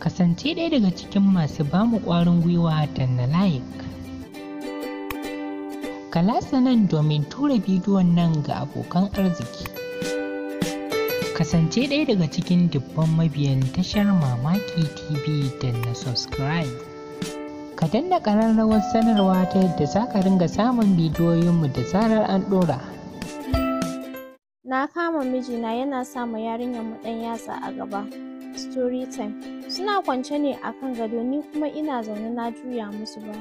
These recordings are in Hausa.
kasance ɗaya daga cikin masu ba mu ƙwarin gwiwa da na like. Kalasa nan domin tura bidiyon nan ga abokan arziki. Kasance ɗaya daga cikin dubban mabiyan tashar Mamaki TV da na subscribe. Ka danna ƙararrawar sanarwa ta yadda za ka ringa samun bidiyoyinmu da zarar an ɗora. Na kama mijina yana sama yarinyar mu ɗan yatsa a gaba. story time suna kwance ne a kan gado ni kuma ina zaune na juya musu ba.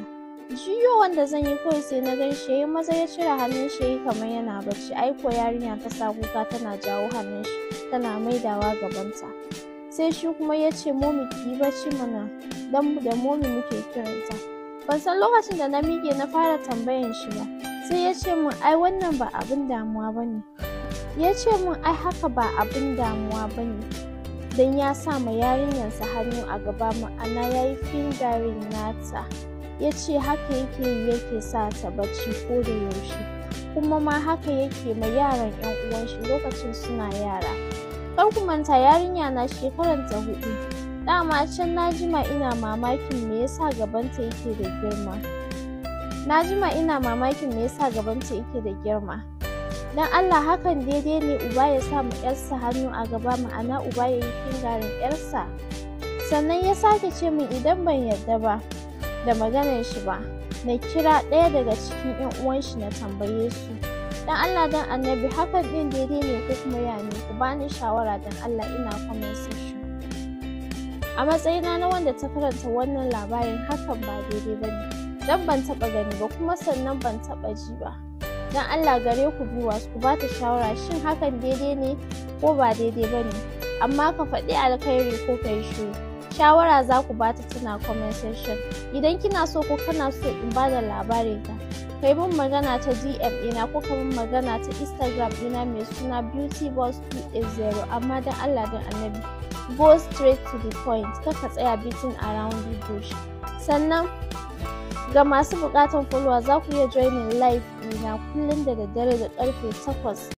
Jiyo, wanda zan yi kawai sai na gan shi yayi maza ya cire hannun shi yayi kamar yana bacci aiko yarinya ta sa kuka tana jawo hannun shi tana maidawa gabanta sai shi kuma ya ce momi ki bacci mana dan da momi muke kiranta ban san lokacin da na mige na fara tambayan shi ba sai ya ce min ai wannan ba abin damuwa bane ya ce mun ai haka ba abin damuwa bane don ya sa ma yarinyarsa hannu a gaba ma'ana ya yi fingering nata ya ce haka yake yi yake sa ta bacci ko da yaushe kuma ma haka yake ma yaran 'yan uwanshi lokacin suna yara kar ku manta yarinya na shekaranta hudu dama can na jima ina mamakin me yasa gabanta yake da girma na jima ina mamakin me yasa gabanta yake da girma dan Allah hakan daidai ne uba ya sa mu yarsa hannu a gaba ma'ana uba ya yi kingarin yarsa sannan ya sake ce min idan ban yarda ba da maganar shi ba na kira ɗaya daga cikin yan uwan shi na tambaye su dan Allah dan annabi hakan din daidai ne ko kuma ya ne ku bani shawara dan Allah ina kwamin shi a matsayina na wanda ta karanta wannan labarin hakan ba daidai ba ne dan ban taɓa gani ba kuma sannan ban taɓa ji ba don Allah gare ku su ku bata shawara shin hakan daidai ne ko ba daidai ba ne amma ka faɗi alkhairi ko ka yi shiru shawara za ku bata tana comment section idan kina so ko kana so in ba da labarin ka kai min magana ta dm ina ko ka min magana ta instagram ina mai suna beauty boss 280 amma don Allah don annabi go straight to the point kaka tsaya bitin around the bush sannan Ga masu buƙatar kulawa za ku iya joinin live ɗina kullum da daddare da karfe takwas.